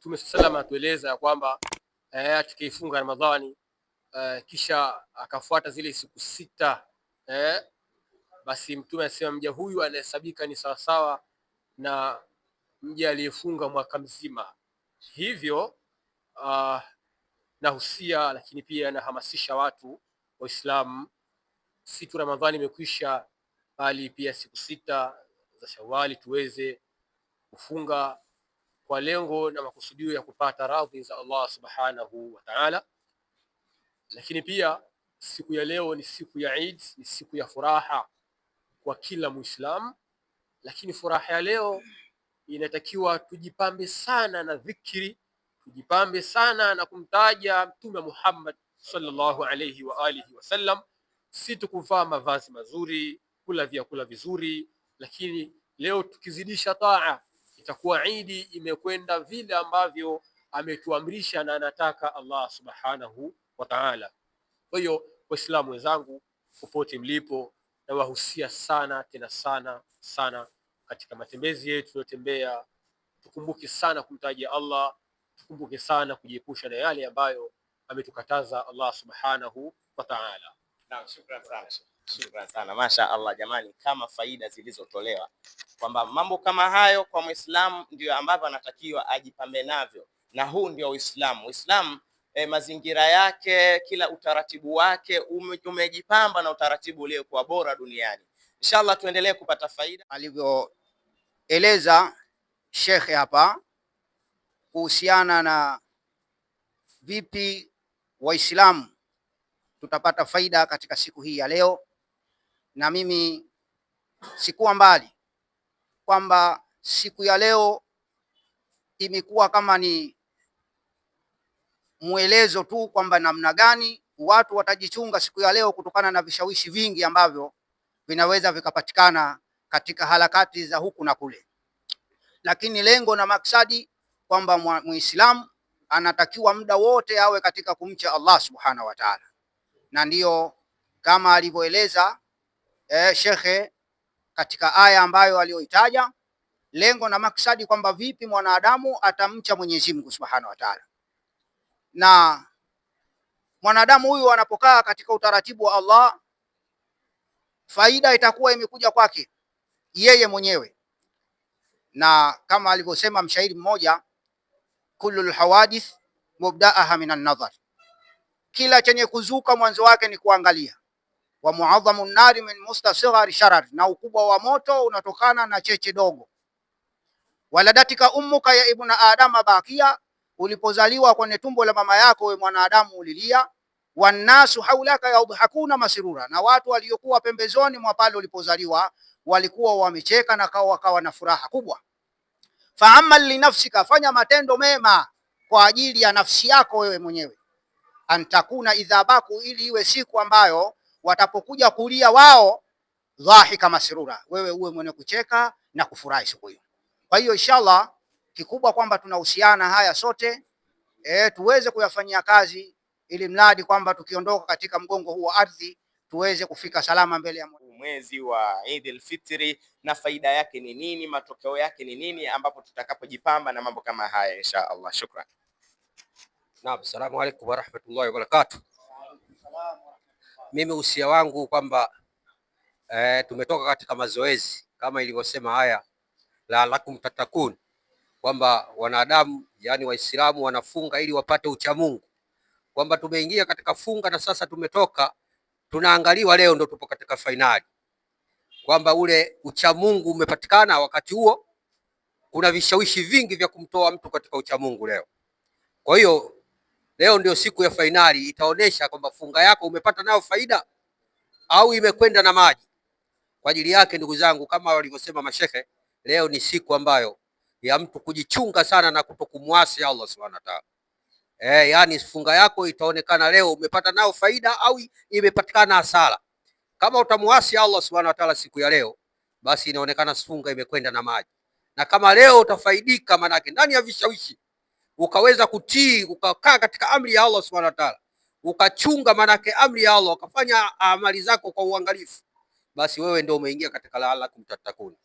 Mtume sallam anatueleza kwamba eh, tukaifunga Ramadhani eh, kisha akafuata zile siku sita eh, basi Mtume anasema mja huyu anahesabika ni sawasawa na mja aliyefunga mwaka mzima. Hivyo uh, nahusia lakini pia nahamasisha watu Waislamu, si tu Ramadhani imekwisha, bali pia siku sita za Shawali tuweze kufunga kwa lengo na makusudio ya kupata radhi za Allah subhanahu wa ta'ala. Lakini pia siku ya leo ni siku ya Eid, ni siku ya furaha kwa kila Muislamu, lakini furaha ya leo inatakiwa tujipambe sana na dhikri, tujipambe sana na kumtaja Mtume Muhammad sallallahu alayhi wa alihi wasallam, si tukuvaa mavazi mazuri, kula vyakula vizuri, lakini leo tukizidisha taa itakuwa Idi imekwenda vile ambavyo ametuamrisha na anataka Allah subhanahu wa ta'ala. Kwa hiyo Waislamu wenzangu, popote mlipo, nawahusia sana tena sana sana katika matembezi yetu tunayotembea, tukumbuke sana kumtaja Allah, tukumbuke sana kujiepusha na yale ambayo ametukataza Allah subhanahu wa ta'ala. Naam, shukrani sana. Shukrani sana. Masha Allah jamani, kama faida zilizotolewa kwamba mambo kama hayo kwa Muislamu ndio ambavyo anatakiwa ajipambe navyo, na huu ndio Uislamu. Uislamu e, mazingira yake, kila utaratibu wake umejipamba na utaratibu uliokuwa bora duniani. Inshallah tuendelee kupata faida alivyoeleza shekhe hapa kuhusiana na vipi Waislamu tutapata faida katika siku hii ya leo, na mimi sikuwa mbali kwamba siku ya leo imekuwa kama ni mwelezo tu kwamba namna gani watu watajichunga siku ya leo kutokana na vishawishi vingi ambavyo vinaweza vikapatikana katika harakati za huku na kule, lakini lengo na maksadi kwamba Muislamu anatakiwa muda wote awe katika kumcha Allah subhanahu wa taala, na ndiyo kama alivyoeleza eh, shekhe katika aya ambayo aliyoitaja, lengo na maksadi kwamba vipi mwanadamu atamcha Mwenyezi Mungu Subhanahu wa Ta'ala, na mwanadamu huyu anapokaa katika utaratibu wa Allah, faida itakuwa imekuja kwake yeye mwenyewe, na kama alivyosema mshairi mmoja, kullu lhawadith mubdaaha min an-nadhar, kila chenye kuzuka mwanzo wake ni kuangalia wa muadhamu nari min mustasaghari sharar, na ukubwa wa moto unatokana na cheche dogo. Waladatika ummuka ya ibna adama bakia, ulipozaliwa kwenye tumbo la mama yako we mwanadamu ulilia. Wannasu haulaka yadhakuna masrura, na watu waliokuwa pembezoni mwa pale ulipozaliwa walikuwa wamecheka na kawa wakawa na furaha kubwa. Faamal linafsika, fanya matendo mema kwa ajili ya nafsi yako wewe mwenyewe. Antakuna idhabaku, ili iwe siku ambayo watapokuja kulia wao dhahika masrura, wewe uwe mwenye kucheka na kufurahi siku hiyo. Kwa hiyo inshallah, kikubwa kwamba tunahusiana haya sote e, tuweze kuyafanyia kazi ili mradi kwamba tukiondoka katika mgongo huu wa ardhi tuweze kufika salama mbele ya mwezi wa Eid al-Fitr, na faida yake ni nini, matokeo yake ni nini, ambapo tutakapojipamba na mambo kama haya insha Allah. Shukran. Naam, assalamu alaykum wa rahmatullahi wa barakatuh mimi usia wangu kwamba eh, tumetoka katika mazoezi kama ilivyosema haya la lakum tatakun, kwamba wanadamu yani Waislamu wanafunga ili wapate uchamungu, kwamba tumeingia katika funga na sasa tumetoka, tunaangaliwa leo ndo tupo katika fainali, kwamba ule uchamungu umepatikana. Wakati huo kuna vishawishi vingi vya kumtoa mtu katika uchamungu leo, kwa hiyo Leo ndio siku ya fainali, itaonyesha kwamba funga yako umepata nayo faida au imekwenda na maji. Kwa ajili yake, ndugu zangu, kama walivyosema mashehe, leo ni siku ambayo ya mtu kujichunga sana na kutokumwasi Allah subhanahu wa ta'ala. Eh, yani funga yako itaonekana leo umepata nayo faida au imepatikana hasara. Kama utamwasi Allah subhanahu wa ta'ala siku ya leo, basi inaonekana funga imekwenda na maji, na kama leo utafaidika, manake ndani ya vishawishi ukaweza kutii, ukakaa katika amri ya Allah subhanahu wa ta'ala, ukachunga manake amri ya Allah, ukafanya amali zako kwa uangalifu, basi wewe ndio umeingia katika laalakum tattakun.